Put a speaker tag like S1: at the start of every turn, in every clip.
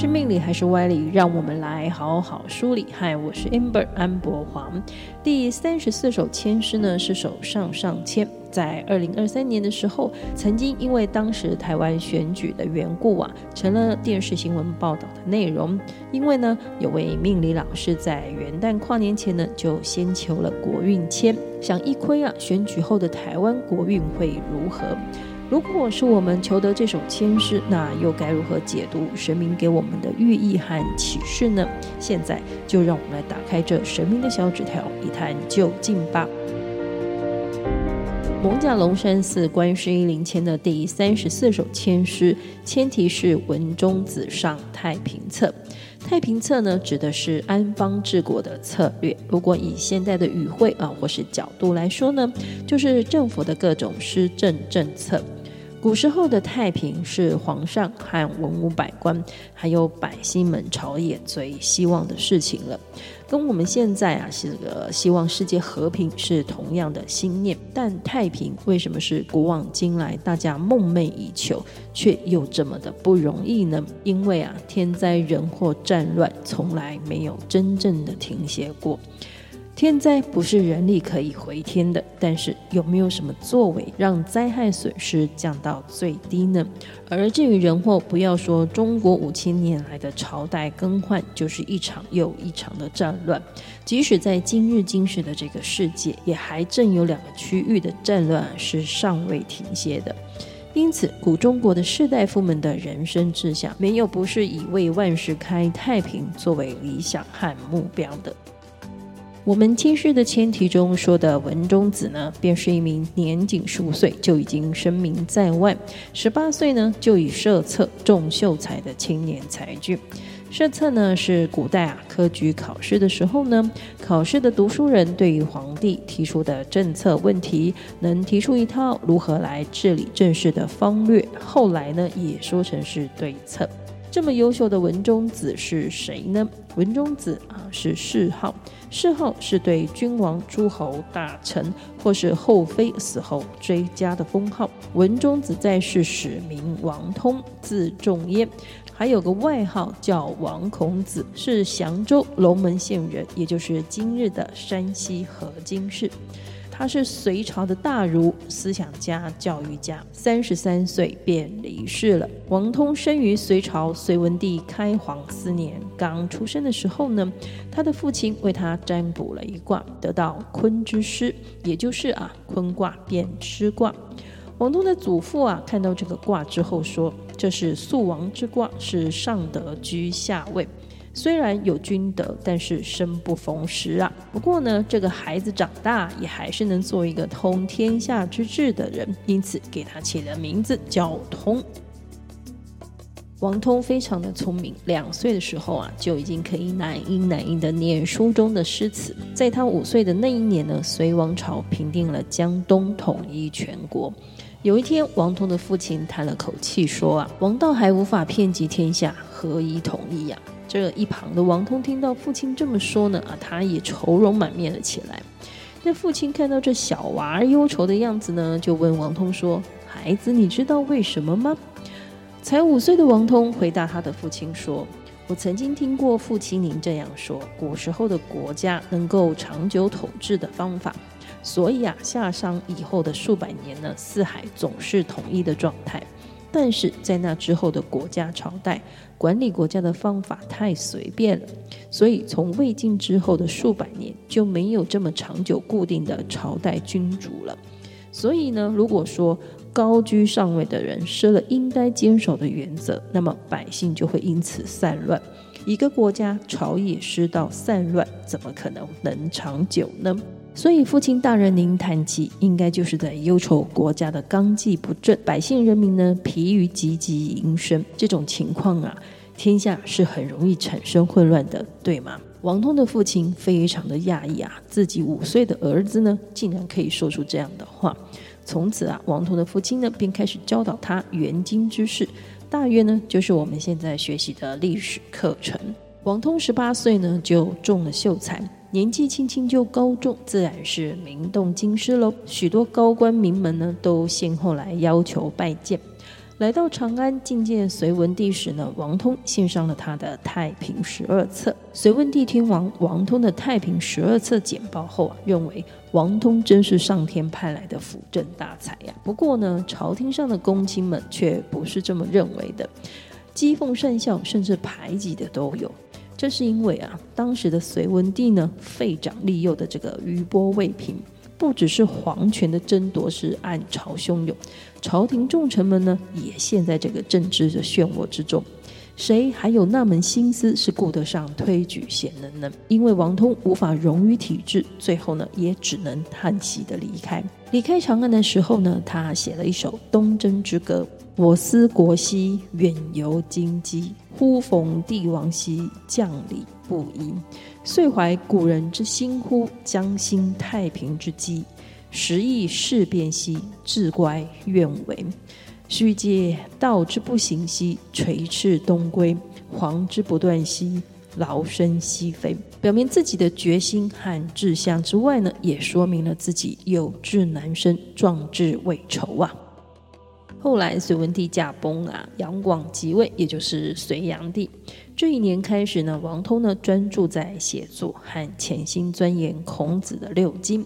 S1: 是命理還是歪理？讓我們來好好梳理。嗨，我是 Amber 安博黃。第三十四首籤詩呢是首上上籤。在二零二三年的時候，曾經因為當時台灣選舉的緣故啊，成了電視新聞報道的內容。因為呢，有位命理老師在元旦跨年前呢，就先求了國運籤，想一窺啊選舉後的台灣國運會如何。如果是我們求得這首籤詩，那又該如何解讀神明給我們的寓意和啟示呢？現在就讓我們來打開這神明的小紙條，一探究竟吧。艋舺龍山寺觀世音靈籤的第三十四首籤詩，籤題是文中子上太平策。太平策呢，指的是安邦治國的策略。如果以現在的語彙啊、呃，或是角度來說呢，就是政府的各種施政政策。古時候的太平是皇上和文武百官，還有百姓們朝野最希望的事情了，跟我們現在啊，是這個希望世界和平是同樣的心念。但太平為什麼是古往今來大家夢寐以求，卻又這麼的不容易呢？因為啊，天災人禍、戰亂從來沒有真正的停歇過。天災不是人力可以回天的，但是有沒有什麼作為讓災害損失降到最低呢？而至於人禍，不要說中國五千年來的朝代更換，就是一場又一場的戰亂，即使在今日今世的這個世界，也還正有兩個區域的戰亂是尚未停歇的。因此，古中國的士大夫們的人生志向，沒有不是以為萬世開太平作為理想和目標的。我們今世的籤題中說的文中子呢，便是一名年僅十五歲就已經聲名在外，十八歲呢就已射策中秀才的青年才俊。射策呢是古代啊科舉考試的時候呢，考試的讀書人對於皇帝提出的政策問題，能提出一套如何來治理政事的方略。後來呢也說成是對策。這麼優秀的文中子是誰呢？文中子啊，是諡號，諡號是對君王、諸侯、大臣或是後妃死後追加的封號。文中子在世時名王通，字仲淹，還有個外號叫王孔子，是翔州龍門縣人，也就是今日的山西河津市。他是隋朝的大儒、思想家、教育家，三十三歲便離世了。王通生於隋朝，隋文帝開皇四年，剛出生的時候呢，他的父親為他占卜了一卦，得到坤之師，也就是啊坤卦變師卦。王通的祖父啊，看到這個卦之後說，這是素王之卦，是上德居下位。雖然有君德，但是生不逢時啊。不過呢，這個孩子長大也還是能做一個通天下之志的人，因此給他起了名字叫通。王通非常的聰明，兩歲的時候啊，就已經可以奶音奶音的念書中的詩詞。在他五歲的那一年呢，隋王朝平定了江東，統一全國。有一天，王通的父親嘆了口氣說啊：“王道還無法遍及天下。”何以統一呀！這一旁的王通聽到父親這麼說呢，啊，他也愁容滿面了起來。那父親看到這小娃兒憂愁的樣子呢，就問王通說：“孩子，你知道為什麼嗎？”才五歲的王通回答他的父親說：“我曾經聽過父親您這樣說，古時候的國家能夠長久統治的方法，所以啊，夏商以後的數百年呢，四海總是統一的狀態。”但是在那之後的國家朝代，管理國家的方法太隨便了，所以從魏晉之後的數百年就沒有這麼長久固定的朝代君主了。所以呢，如果說高居上位的人失了應該堅守的原則，那麼百姓就會因此散亂。一個國家朝野失道散亂，怎麼可能能長久呢？所以，父親大人，您談起應該就是在憂愁國家的綱紀不正，百姓人民呢疲於汲汲營生這種情況啊，天下是很容易產生混亂的，對嗎？王通的父親非常的訝異啊，自己五歲的兒子呢，竟然可以說出這樣的話。從此啊，王通的父親呢便開始教導他元經之事，大約呢就是我們現在學習的歷史課程。王通十八歲呢就中了秀才。年紀輕輕就高中，自然是名動京師咯。許多高官名門呢，都先後來要求拜見。來到長安覲見隋文帝時呢，王通獻上了他的《太平十二策》。隋文帝聽王王通的《太平十二策》簡報後啊，認為王通真是上天派來的輔政大才呀、啊。不過呢，朝廷上的公卿們卻不是這麼認為的，譏諷、訕笑甚至排擠的都有。這是因為啊，當時的隋文帝呢廢長立幼的這個餘波未平，不只是皇權的爭奪是暗潮洶湧，朝廷重臣們呢也陷在這個政治的漩渦之中。誰還有那門心思是顧得上推舉賢能呢？因為王通無法容於體制，最後呢，也只能嘆息的離開。離開長安的時候呢，他寫了一首《東征之歌》：“我思國兮，遠遊京畿。忽逢帝王兮，將禮不依。遂懷古人之心乎？將興太平之基。時異事變兮，志乖願違。”須借道之不行兮，垂翅東歸；皇之不斷兮，勞身西飛。表明自己的決心和志向之外呢，也說明了自己有志難伸、壯志未酬啊。後來，隋文帝駕崩啊，楊廣即位，也就是隋煬帝。這一年開始呢，王通呢專注在寫作和潛心鑽研孔子的六經。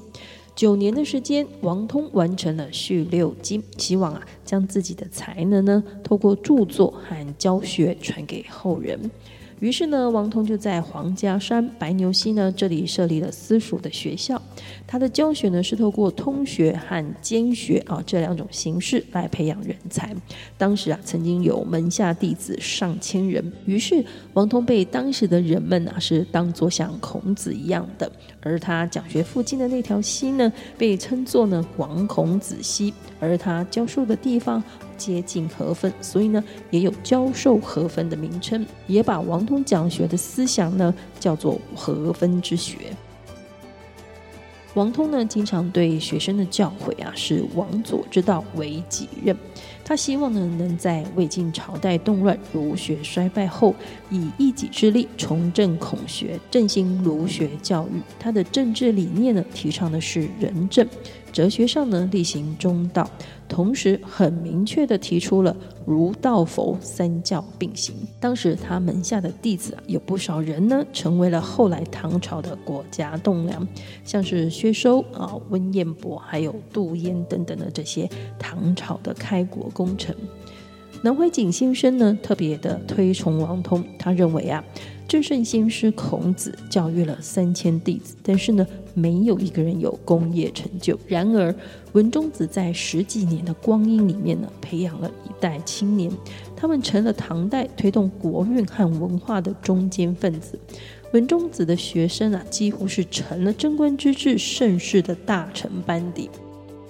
S1: 九年的時間，王通完成了《續六經》，希望啊，將自己的才能呢，透過著作和教學傳給後人。於是呢，王通就在黃家山白牛溪呢，這裡設立了私塾的學校，他的教學呢是透過通學和兼學啊這兩種形式來培養人才。當時啊，曾經有門下弟子上千人。於是王通被當時的人們啊是當作像孔子一樣的，而他講學附近的那條溪呢，被稱作呢王孔子溪。而他教授的地方接近河汾，所以呢也有教授河汾的名稱，也把王通講學的思想呢叫做河汾之學。王通呢經常對學生的教誨啊是“王佐之道，為己任”。他希望呢能在魏晉朝代動亂、儒學衰敗後，以一己之力重振孔學，振興儒學教育。他的政治理念呢，提倡的是仁政。哲學上呢，力行中道，同時很明確的提出了儒道佛三教並行。當時他門下的弟子啊，有不少人呢，成為了後來唐朝的國家棟梁，像是薛收、啊、呃、溫彥博，還有杜淹等等的這些唐朝的開國功臣。南懷瑾先生呢，特別的推崇王通，他認為啊。至聖先師孔子教育了三千弟子，但是呢，沒有一個人有功業成就。然而，文中子在十幾年的光陰裡面呢，培養了一代青年，他們成了唐代推動國運和文化的中堅分子。文中子的學生啊，幾乎是成了貞觀之治盛世的大臣班底。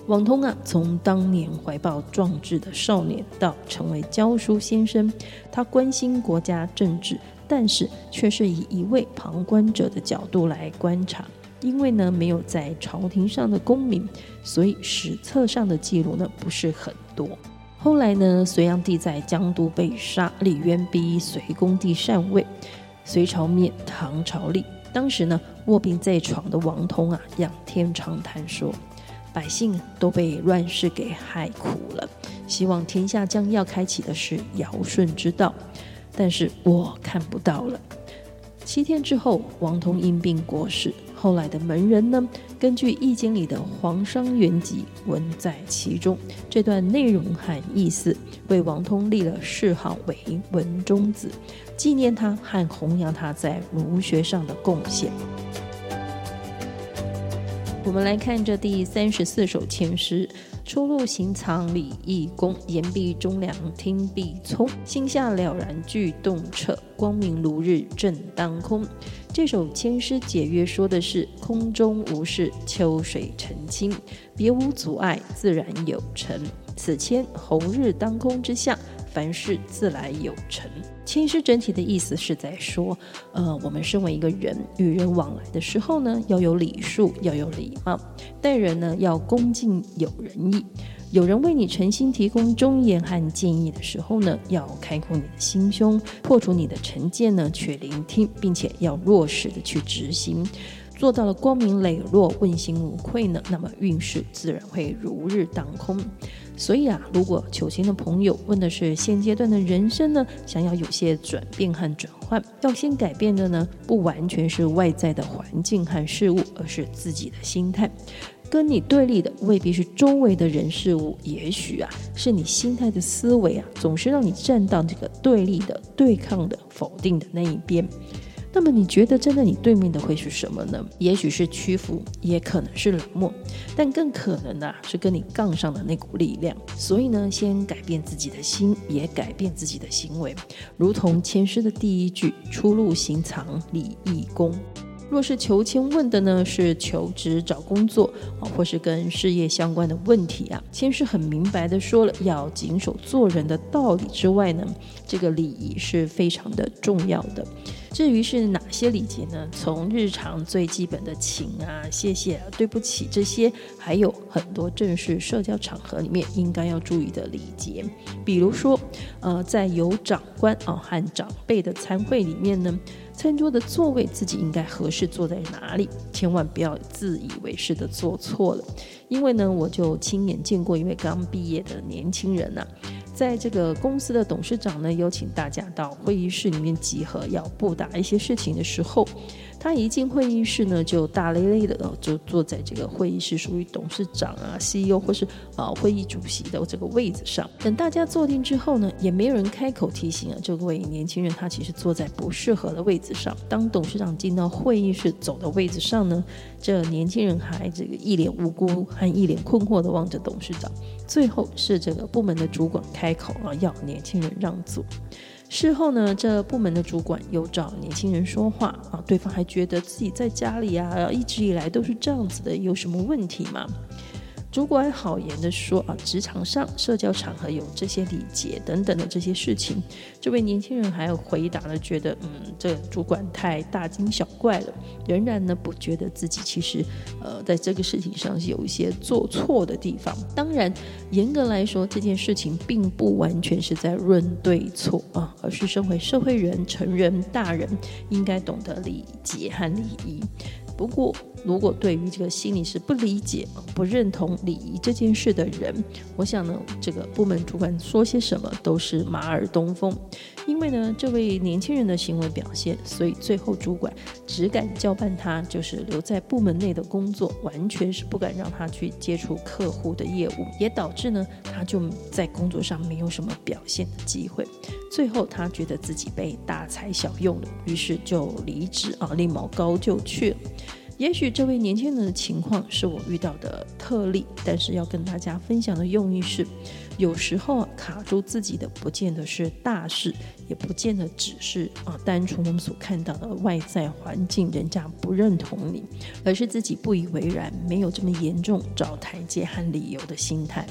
S1: 王通啊，從當年懷抱壯志的少年，到成為教書先生，他關心國家政治，但是卻是以一位旁觀者的角度來觀察，因為呢，沒有在朝廷上的功名，所以史冊上的記錄呢不是很多。後來呢，隋煬帝在江都被殺，李淵逼隋恭帝禪位，隋朝滅，唐朝立。當時呢，臥病在床的王通啊，仰天長嘆說：“百姓都被亂世給害苦了，希望天下將要開啟的是堯舜之道。”但是我看不到了。七天之後，王通因病過世。後來的門人呢，根據《易經》裡的“黃裳元吉，文在其中”，這段內容含義是為王通立了諡號為“文中子”，紀念他和弘揚他在儒學上的貢獻。我們來看這第三十四首籤詩：出入行藏禮義恭，言必忠良，聽必聰，心下了然俱洞徹，光明如日正當空。這首籤詩解曰說的是：空中無事，秋水澄清，別無阻礙，自然有成。此籤，紅日當空之象。凡事自來有成。籤詩整體的意思是在說，呃，我們身為一個人，與人往來的時候呢，要有禮數，要有禮貌，待人呢要恭敬有仁義。有人為你誠心提供忠言和建議的時候呢，要開闊你的心胸，破除你的成見呢，去聆聽，並且要落實地去執行。做到了光明磊落，問心無愧呢，那麼運勢自然會如日當空。所以啊，如果求籤的朋友問的是現階段的人生呢，想要有些轉變和轉換，要先改變的呢，不完全是外在的環境和事物，而是自己的心態。跟你對立的未必是周圍的人事物，也許啊，是你心態的思維啊，總是讓你站到這個對立的、對抗的、否定的那一邊。那麼你覺得站在你對面的會是什麼呢？也許是屈服，也可能是冷漠，但更可能呢、啊、是跟你槓上的那股力量。所以呢，先改變自己的心，也改變自己的行為。如同籤詩的第一句：出入行藏，禮義恭’。若是求籤問的呢是求職找工作啊、哦，或是跟事業相關的問題啊，籤詩很明白的說了，要謹守做人的道理之外呢，這個禮儀是非常的重要的。至於是哪些禮節呢？從日常最基本的請啊、謝謝、啊、對不起這些，還有很多正式社交場合裡面應該要注意的禮節。比如說，呃，在有長官啊和長輩的餐會裡面呢，餐桌的座位自己應該合適坐在哪裡，千萬不要自以為是的坐錯了。因為呢，我就親眼見過一位剛畢業的年輕人吶、啊。在這個公司的董事長呢，有請大家到會議室裡面集合，要布達一些事情的時候。他一進會議室呢，就大咧咧的，就坐在這個會議室屬於董事長啊、CEO 或是啊會議主席的這個位置上。等大家坐定之後呢，也沒有人開口提醒啊，這位年輕人他其實坐在不適合的位置上。當董事長進到會議室，走的位置上呢，這年輕人還這個一臉無辜和一臉困惑的望着董事長。最後是這個部門的主管開口啊，要年輕人讓座。事後呢，這部門的主管又找年輕人說話啊，對方還覺得自己在家裡啊，一直以來都是這樣子的，有什麼問題嗎？主管好言的說啊，職場上，社交場合有這些禮節等等的這些事情，這位年輕人還有回答了，覺得嗯，這主管太大驚小怪了，仍然呢，不覺得自己其實呃在這個事情上是有一些做錯的地方。當然，嚴格來說，這件事情並不完全是在論對錯啊，而是身為社會人，成人大人應該懂得禮節和禮儀。不過，如果如果對於這個心理是不理解、不認同禮儀這件事的人，我想呢，這個部門主管說些什麼都是馬耳東風。因為呢，這位年輕人的行為表現，所以最後主管只敢交辦他，就是留在部門內的工作，完全是不敢讓他去接觸客戶的業務，也導致呢，他就在工作上沒有什麼表現的機會。最後他覺得自己被大材小用了，於是就離職啊，另謀高就去了。也許這位年輕人的情況是我遇到的特例，但是要跟大家分享的用意是，有時候啊，卡住自己的，不見得是大事，也不見得只是啊，單純我們所看到的外在環境，人家不認同你，而是自己不以為然，沒有這麼嚴重，找台階和理由的心態。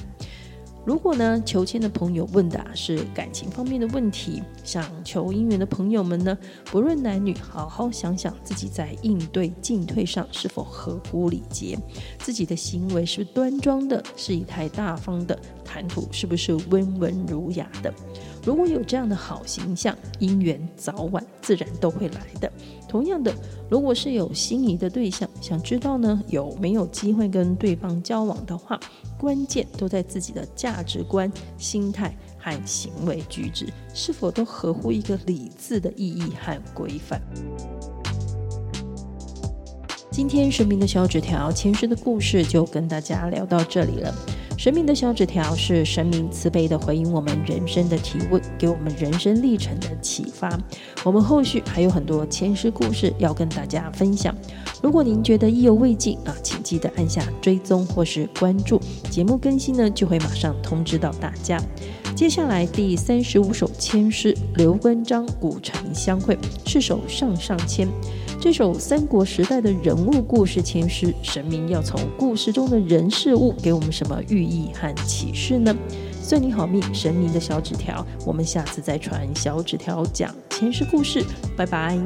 S1: 如果呢，求籤的朋友問的、啊、是感情方面的問題，想求姻緣的朋友們呢，不論男女，好好想想自己在應對進退上是否合乎禮節，自己的行為是端莊的，是儀態大方的，談吐是不是溫文儒雅的。如果有這樣的好形象，姻緣早晚自然都會來的。同樣的，如果是有心儀的對象，想知道呢，有沒有機會跟對方交往的話，關鍵都在自己的價值觀、心態和行為舉止是否都合乎一個“禮”字的意義和規範。今天神明的小紙條，前世的故事就跟大家聊到這裡了。神明的小紙條是神明慈悲的回應，我們人生的提問，給我們人生歷程的啟發。我們後續還有很多籤詩故事要跟大家分享。如果您覺得意猶未盡啊，請記得按下追蹤或是關注，節目更新呢就會馬上通知到大家。接下來第三十五首籤詩《劉關張古城相會》，是首上上籤。這首三國時代的人物故事籤詩，神明要從故事中的人事物給我們什麼寓意和啟示呢？算你好命，神明的小紙條，我們下次再傳小紙條講籤詩故事，拜拜。